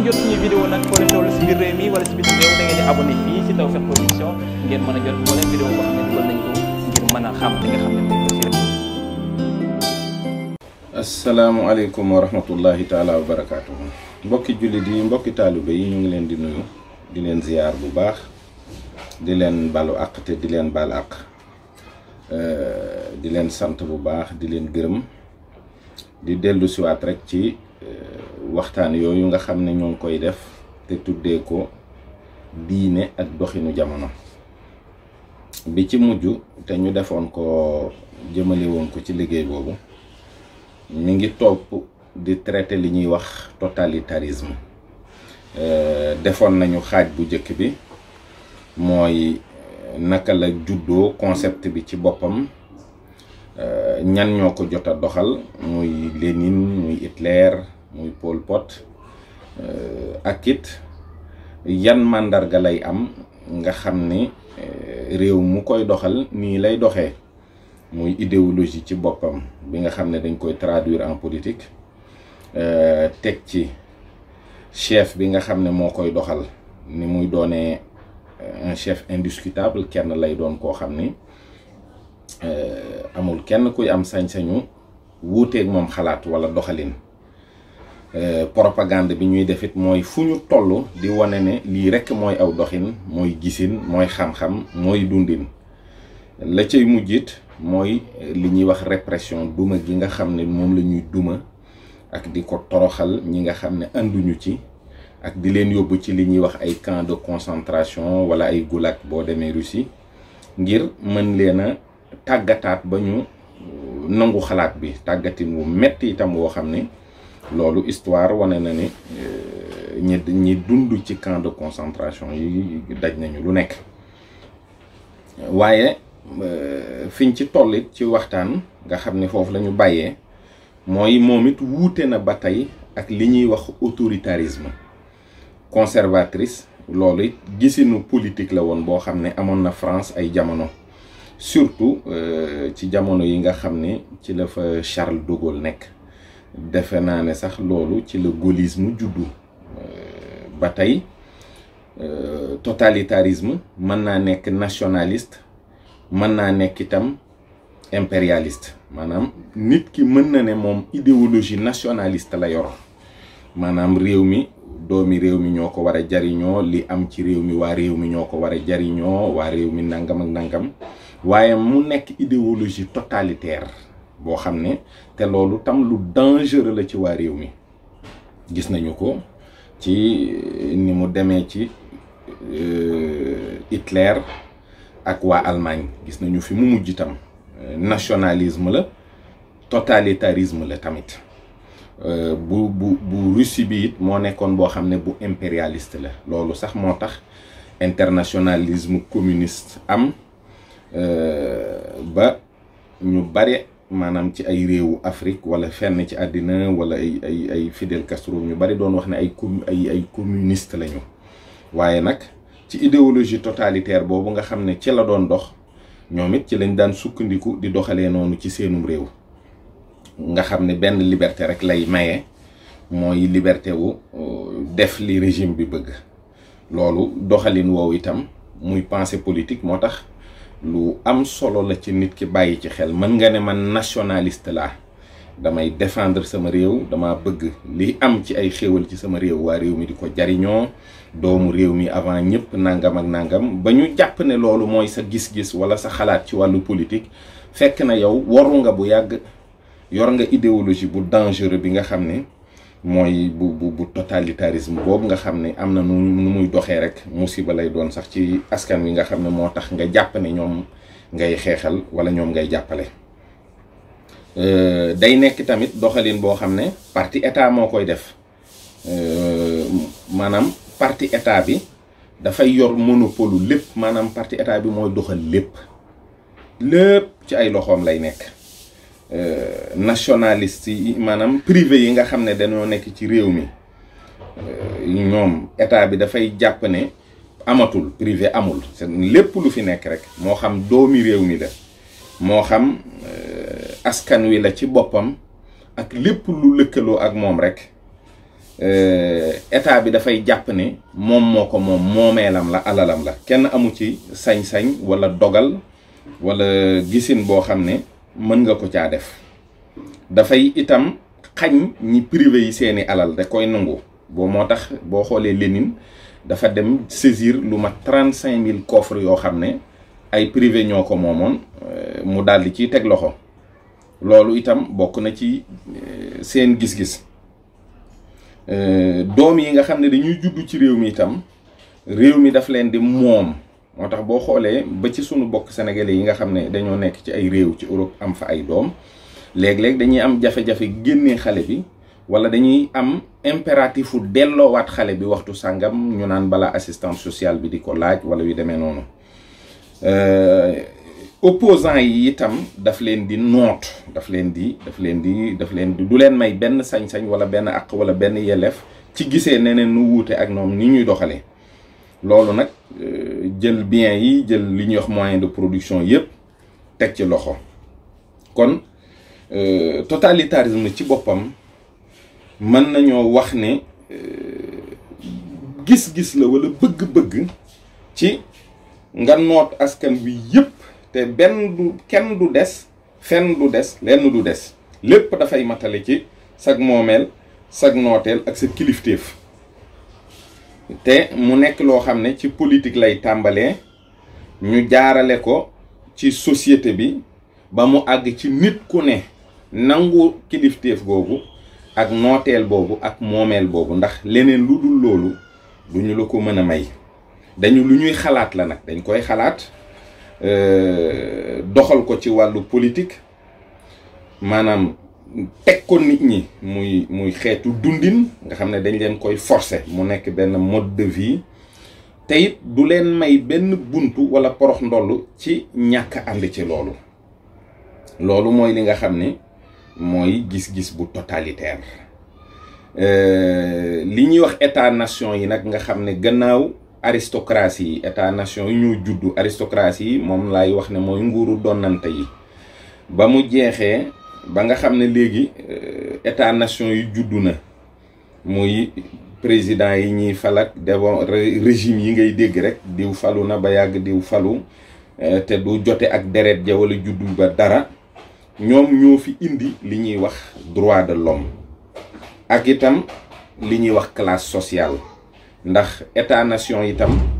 ngeen jot suñu vidéo nag foo leen toll si biir réew mi wala si bitim réew da ngeen di abonné fii si Tawfekh Production ngeen mën a jot moo leen vidéo boo xam ne dugal nañ ko ngir mën a xam li nga xam ne moom la rek. asalaamaaleykum wa rahmatullahi taala wa barakaatu. mbokki jullit yi mbokki taalibe yi ñu ngi leen di nuyu di leen ziyaar bu baax di leen balu àq te di leen bal àq di leen sant bu baax di leen gërëm di dellu siwaat rek ci waxtaan yooyu nga xam ne ñoo ngi koy def te tuddee ko diine ak doxinu jamono bi ci mujj te ñu defoon ko jëmale woon ko ci liggéey boobu mi ngi topp di traité li ñuy wax totalitarism euh, defoon nañu xaaj bu njëkk bi mooy naka la juddoo concept bi ci boppam euh, ñan ñoo ko jot a doxal muy Lénine muy Hitler muy Pol Pot euh, ak it yan màndarga lay am nga xam ni euh, réew mu koy doxal nii lay doxee muy idéologie ci boppam bi nga xam ne dañ koy traduire en politique euh, teg ci chef bi nga xam ne moo koy doxal ni muy doonee un chef indiscutable kenn lay doon koo xam ni amul kenn kuy am sañ-sañu wuuteeg moom xalaat walla doxalin Euh, propagande bi ñuy def it mooy fu ñu toll di wane ne lii rekk mooy aw doxin mooy gisin mooy xam-xam mooy dundin la cay mujjit mooy euh, li ñuy wax répression duma gi nga xam ne moom la ñuy duma ak di ko toroxal ñi nga xam ne ànduñu ci ak di leen yóbbu ci li ñuy wax ay camp de concentration wala ay gulag boo demee Russie ngir mën leen a tàggataat ba ñu euh, nangu xalaat bi tàggatin wu metti itam woo xam ne loolu histoire wane na ni eh, ñi dund ci camp de concentration yi daj nañu lu nekk waaye eh, fiñ ci tollit ci waxtaan nga xam ni foofu la ñu bàyyee mooy moomit it wuute na ba tey ak li ñuy wax autoritarisme conservatrice loolu it gisinu politique la woon boo xam ne amoon na France ay jamono surtout eh, ci jamono yi nga xam ni ci la fa Charles de Gaulle nekk defe naa ne sax loolu ci la gaullisme juddu euh, ba tey euh, totalitarisme mën naa nekk nationaliste mën naa nekk itam impérialiste maanaam nit ki mën na ne moom idéologie nationalist la yor maanaam réew mi doomi réew mi ñoo ko war a jariñoo li am ci réew mi waa réew mi ñoo ko war a jariñoo waa réew mi nangam ak nangam waaye mu nekk idéologie totalitaire boo xam ne te loolu tam lu dangereux la ci waa réew mi gis nañu ko ci euh, ni mu demee ci euh, Hitler ak waa Allemagne gis nañu fi mu mujj itam euh, nationalisme la totalitarisme la tamit bu bu bu Russie bi it moo nekkoon boo xam ne bu impérialiste la loolu sax moo tax internationalisme communist am ba ñu bare maanaam ci ay réewu Afrique wala fenn ci àddina wala ay ay ay Fidel Castro ñu bari doon wax ne ay com ay ay communiste lañu waaye nag ci idéologie totalitaire boobu nga xam ne ci la doon dox ñoom it ci lañ daan sukkandiku di doxalee noonu ci seenum réew nga xam ne benn liberté rek lay maye mooy liberté wu euh, def li régime bi bëgg loolu doxalin woowu itam muy pensée politique moo tax. lu am solo la ci nit ki bàyyi ci xel mën nga ne man nationaliste la damay defendre sama réew dama bëgg li am ci ay xéewal ci sama réew waa réew mi di ko jariñoo doomu réew mi avant ñëpp nangam ak nangam ba ñu jàpp ne loolu mooy sa gis-gis wala sa xalaat ci wàllu politique fekk na yow waru nga bu yàgg yor nga idéologie bu dangereux bi nga xam ne mooy bu bu bu totalitarisme boobu nga xam ne am na nu nu muy doxee rek musiba lay doon sax ci askan wi nga xam ne moo tax nga jàpp ne ñoom ngay xeexal wala ñoom ngay jàppale. Euh, day nekk tamit doxalin boo xam ne parti état moo koy def euh, maanaam parti état bi dafay yor monopole lépp maanaam parti état bi mooy doxal lépp lépp ci ay loxoom lay nekk. Euh, nationalistes yi maanaam privé yi nga xam ne dañoo nekk ci réew mi euh, ñoom état bi dafay jàpp ne amatul privé amul seen lépp lu fi nekk rek moo xam doomi réew mi la moo xam euh, askan wi la ci boppam ak lépp lu lëkkaloo ak moom rek état bi dafay jàpp ne moom moo ko moom moomeelam la alalam la kenn amu ci sañ-sañ walla dogal walla gisin boo xam ne mën nga ko caa def dafay itam xañ ñi privé yi seeni alal da koy nangu boo moo tax boo xoolee Lénine dafa dem saisir lu mat trente cinq mille coffres yoo xam ne ay privé ñoo ko moomoon euh, mu daal di ciy teg loxo loolu itam bokk na ci euh, seen gis-gis euh, doom yi nga xam ne dañuy juddu ci réew mi itam réew mi daf leen di moom. moo tax boo xoolee ba ci sunu bokk sénégalais yi nga xam ne dañoo nekk ci ay réew ci Europe am fa ay doom léeg-léeg dañuy am jafe-jafe génnee xale bi wala dañuy am impératif u delloowaat xale bi waxtu sàngam ñu naan balaa assistance sociale bi di ko laaj wala yu demee noonu euh, opposant yi itam daf leen di noot daf leen di daf leen di daf leen di du leen may benn sañ-sañ wala benn àq wala benn yelleef ci gisee neneen nu wuute ak ñoom ni ñuy doxalee jël biens yi jël li ñuy wax moyen de production yëpp teg ci loxo kon euh, totalitarisme ci boppam mën nañoo wax ni euh, gis-gis la walla bëgg-bëgg ci nga noot askan bi yëpp te benn du kenn du des fenn du des lenn du des lépp dafay matale ci sag moomeel sag nooteel ak sa kilifteef te mu nekk loo xam ne ci politique lay tàmbalee ñu jaarale ko ci société bi ba mu àgg ci nit ku ne nangu kilifteef boobu ak nooteel boobu ak moomeel boobu ndax leneen lu dul loolu ñu la ko mën a may dañu lu ñuy xalaat la nag dañ koy xalaat euh, doxal ko ci wàllu politique maanaam teg ko nit ñi muy muy xeetu dundin nga xam ne dañ leen koy forcé mu nekk benn mode de vie te du leen may benn buntu wala porox ndoll ci ñàkk ànd ci loolu loolu mooy li nga xam ni mooy gis-gis bu totalitaire euh, li ñuy wax état nation yi nag nga xam ne gannaaw aristocratie yi état nation yi ñu juddu aristocratie yi moom lay wax ne mooy nguuru donnante yi ba mu jeexee ba nga xam ne léegi euh, état nation yi juddu na muy président yi ñuy fal ak devant régime yi ngay dégg rek diw falu na ba yàgg diw falu euh, te du jote ak deret ja wala juddu ba dara ñoom ñoo fi indi li ñuy wax droit de l'homme ak itam li ñuy wax classe sociale ndax état nation itam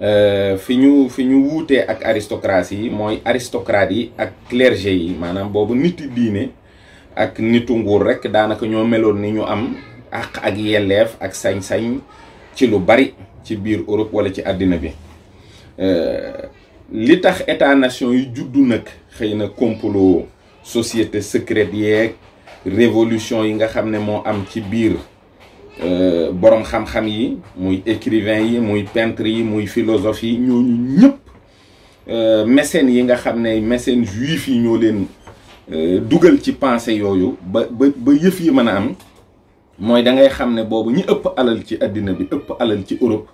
Euh, fi ñu fi ñu wuutee ak aristocratie yi mooy aristocrates yi ak clergé yi maanaam boobu nit yi diine ak nitu nguur rek daanaka ñoo meloon ni ñu am àq ak yelleef ak sañ-sañ ci lu bari ci biir Europe wala ci àddina bi euh, li tax état nation yu juddu nag xëy na complot société secrète yeeg révolution yi nga xam ne moo am ci biir Euh, boroom xam-xam yi muy écrivain yi muy peintre yi muy philosophe yi ñu ñëpp euh, mécènes yi nga xam ne mécènes juifs yi ñoo leen euh, dugal ci pensée yooyu ba ba yëf yi man a am mooy dangay xam ne boobu ñi ëpp alal ci àddina bi ëpp alal ci Europe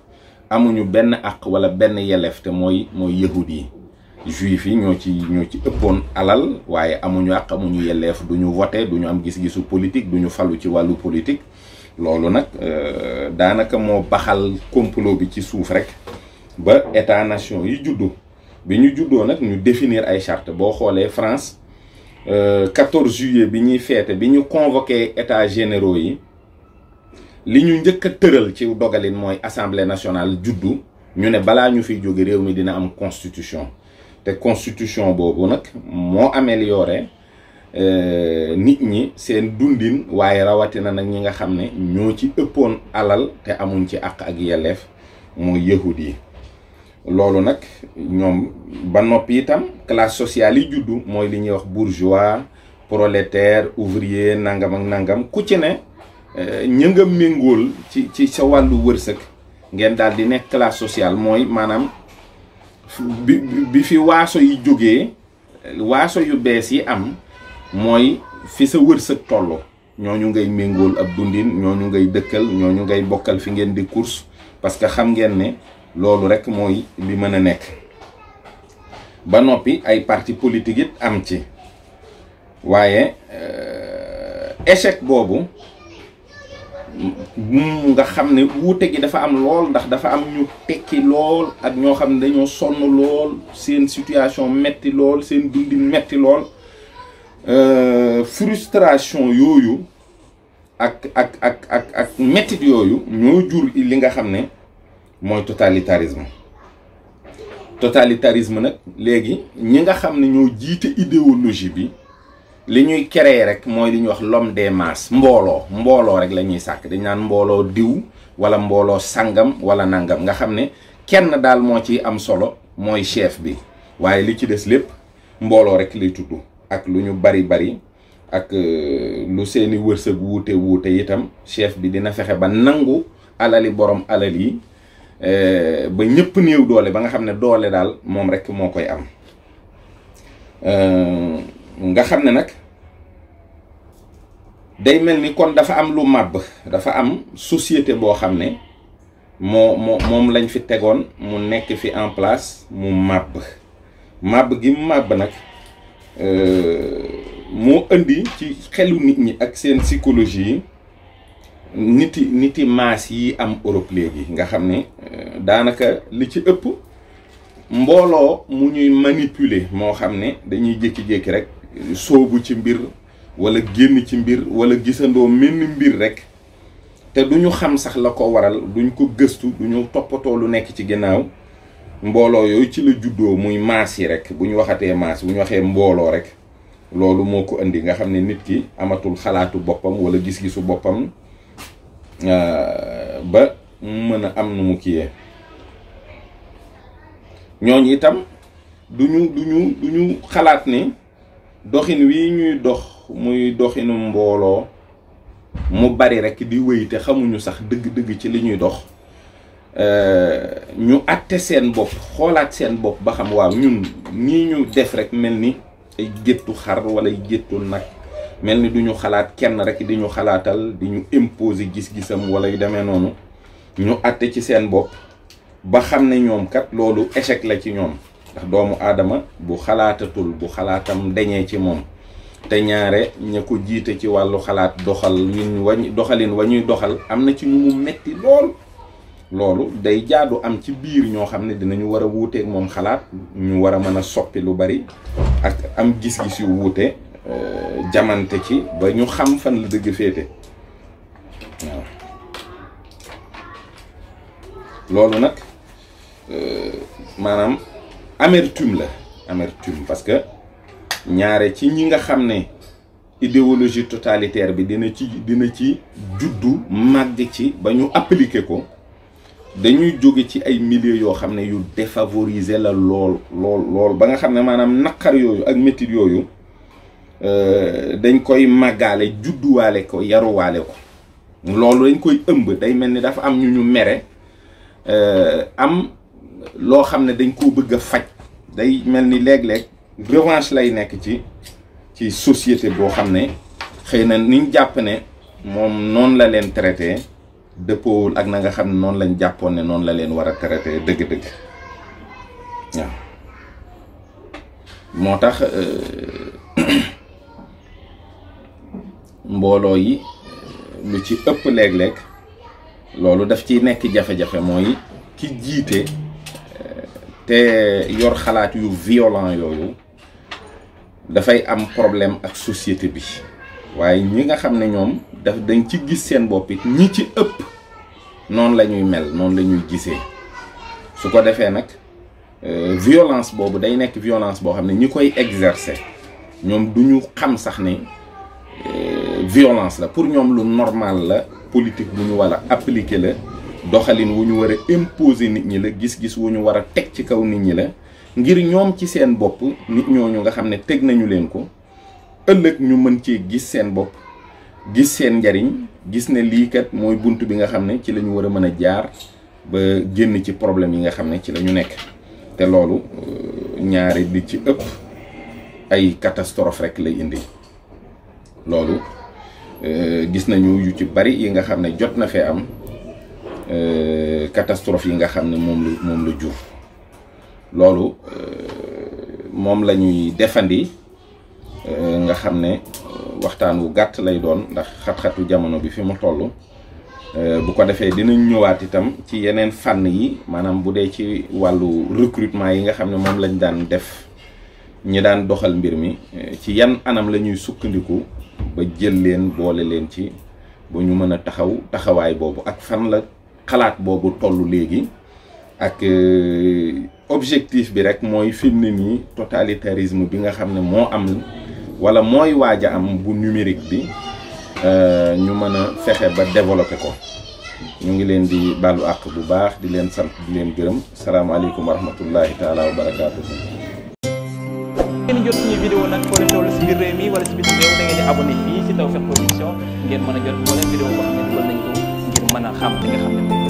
amuñu benn àq walla benn yelleef te mooy mooy yahud yi juif yi ñoo ci ñoo ci ëppoon alal waaye amuñu àq amuñu yelleef duñu vote duñu am gis-gisu politique ñu falu ci wàllu politique loolu nag euh, daanaka moo baxal complot bi ci suuf rek ba état nation yi juddu bi ñu juddoo nag ñu définir ay charte boo xoolee France 14 euh, juillet bi ñuy feete bi ñu convoqué état généraux yi li ñu njëkk a tëral ci dogalin mooy assemblée nationale juddu ñu ne balaa ñu fiy jóge réew mi dina am constitution te constitution boobu nag moo amélioré Euh, nit ñi seen dundin waaye rawatina nag ñi nga xam ne ñoo ci ëppoon alal te amuñ ci àq ak yelleef mooy yahud yi loolu nag ñoom ba noppi itam classe sociale yi juddu mooy li ñuy wax bourgeois prolétaire ouvrier nangam ak nangam ku ci ne euh, ñë ci ci sa wàllu wërsëg ngeen daal di nekk classe sociale mooy maanaam bi bi fi waaso yi jógee waaso yu bees yi am mooy fi sa wërsëg toll ñooñu ngay méngool ab dundin ñooñu ngay dëkkal ñooñu ngay bokkal fi ngeen di course parce que xam ngeen ni loolu rek mooy bi mën a nekk ba noppi ay parti politique it am ci waaye euh, échec boobu mu mm, mm, nga xam ne wuute gi dafa am lool ndax dafa am ñu tekki lool ak ñoo xam ne dañoo sonn lool seen situation metti lool seen dundin metti lool Euh, frustration yooyu ak ak ak ak ak mettit yooyu ñoo jur li nga xam ne mooy totalitarisme totalitarisme nag léegi ñi nga xam ne ñoo jiite idéologie bi li ñuy créer rek mooy li ñuy wax lom de masses mbooloo mbooloo rek la ñuy sàkk dañ naan mbooloo diw wala mbooloo sangam wala nangam nga xam ne kenn daal moo ciy am solo mooy chef bi waaye li ci des lépp mbooloo rek lay tudd ak lu ñu bari bari ak euh, lu seeni wërsëg wuute wuute itam chef bi dina fexe ba nangu alali boroom alal yi euh, ba ñëpp néew doole ba nga xam ne doole daal moom rek moo koy am euh, nga xam ne nag day mel ni kon dafa am lu màbb dafa am société boo xam ne moo moo moom lañ fi tegoon mu nekk fi en place mu màbb màbb gi màbb nag Euh, moo indi ci xelu nit ñi ak seen psychologie yi niti niti maas yi am Europe léegi nga xam ne euh, daanaka li ci ëpp mbooloo mu ñuy manipuler moo xam ne dañuy jékki-jékki rek soobu ci mbir wala génn ci mbir wala gisandoo menn mbir rek te duñu xam sax la ko waral duñ ko gëstu duñu toppatoo lu nekk ci ginnaaw mbooloo yooyu ci la juddoo muy maas yi rek bu ñu waxatee maas bu ñu waxee mbooloo rek loolu moo ko indi nga xam ne nit ki amatul xalaatu boppam wala gis-gisu boppam euh, ba mën a am nu mu kiyee ñooñu itam duñu duñu duñu xalaat ni doxin wi ñuy dox muy doxinu mbooloo mu bari rek di wéy te xamuñu sax dëgg-dëgg ci li ñuy dox Euh, ñu àtte seen bopp xoolaat seen bopp ba xam waaw ñun nii ñu def rek mel ni ay géttu xar wala ay géttu nag mel ni duñu xalaat kenn rek di ñu xalaatal di ñu imposer gis-gisam wala yu demee noonu ñu àtte ci seen bopp ba xam ne ñoom kat loolu échec la ci ñoom ndax doomu aadama bu xalaatatul bu xalaatam dañee ci moom te ñaare ña ko jiite ci wàllu xalaat doxal ñun doxalin wa ñuy doxal am na ci ñu mu metti lool loolu day jaadu am ci biir ñoo xam ne dinañu war a wuuteeg moom xalaat ñu war a mën a soppi lu bari ak am gis-gis yu wuute euh, jamante ci ba ñu xam fan la dëgg féete loolu nag euh, maanaam amertume la amertume parce que ñaare ci ñi nga xam ne idéologie totalitaire bi dina ci dina ci juddu màgg ci ba ñu appliquer ko dañuy jóge ci ay milieux yoo xam ne yu défavorisé la lool lool lool ba nga xam ne maanaam naqar yooyu ak métit yooyu euh, dañ koy màggaale judduwaale ko yaruwaale ko loolu dañ koy ëmb day mel ni dafa am ñu ñu mere euh, am loo xam ne dañ koo bëgg a faj day mel ni léeg-léeg revanche lay nekk ci ci société boo xam ne xëy na niñ jàpp ne moom noonu la leen traité dëppoowul ak na nga xam noonu lañ jàppoon ne noonu la leen war a traité dëgg-dëgg moo tax euh, mbooloo yi euh, lu ci ëpp léeg-léeg loolu daf ci nekk jafe-jafe mooy ki jiite euh, te yor xalaat yu violent yooyu dafay am problème ak société bi waaye ñi nga xam ne ñoom daf dañ ci gis seen bopp it ñi ci ëpp noonu la ñuy mel noonu la ñuy gisee su ko defee nag euh, violence boobu day nekk violence boo xam ne ñi koy exercer ñoom du ñu xam sax ne euh, violence la pour ñoom lu normal la politique bu ñu war a appliquer la doxalin wu ñu war a imposer nit ñi la gis-gis wu ñu war a teg ci kaw nit ñi la ngir ñoom ci seen bopp nit ñooñu nga xam ne teg nañu leen ko ëllëg ñu mën cee gis seen bopp gis seen njariñ gis ne lii kat mooy bunt bi nga xam ne ci lañu war a mën a jaar ba génn ci problème yi nga xam ne ci lañu nekk te loolu euh, ñaari li ci ëpp ay catastrophe rek lay indi loolu euh, gis nañu yu ci bari yi nga xam ne jot na fee am euh, catastrophe yi nga xam ne moom la moom lu jur loolu moom la ñuy defandi Euh, nga xam ne waxtaan wu gàtt lay doon ndax xat-xatu jamono bi fi mu toll euh, bu ko defee dinañ ñëwaat itam ci yeneen fànn yi maanaam bu dee ci wàllu recrutement yi nga xam ne moom lañ daan def ñi daan doxal mbir mi euh, ci yan anam la ñuy sukkandiku ba jël leen boole leen ci ba ñu mën a taxaw taxawaay boobu ak fan la xalaat boobu toll léegi ak objectif bi rek mooy fi ne nii totalitarisme bi nga xam ne moo am wala mooy waaj a am bu numérique bi euh, ñu mën a fexe ba développé ko ñu ngi leen di baalu àq bu baax di leen sant di leen gërëm salaamaaleykum wa rahmatullahi taala wa barakaatu. si biir mën a jot moo leen vidéo boo xam ngir mën a xam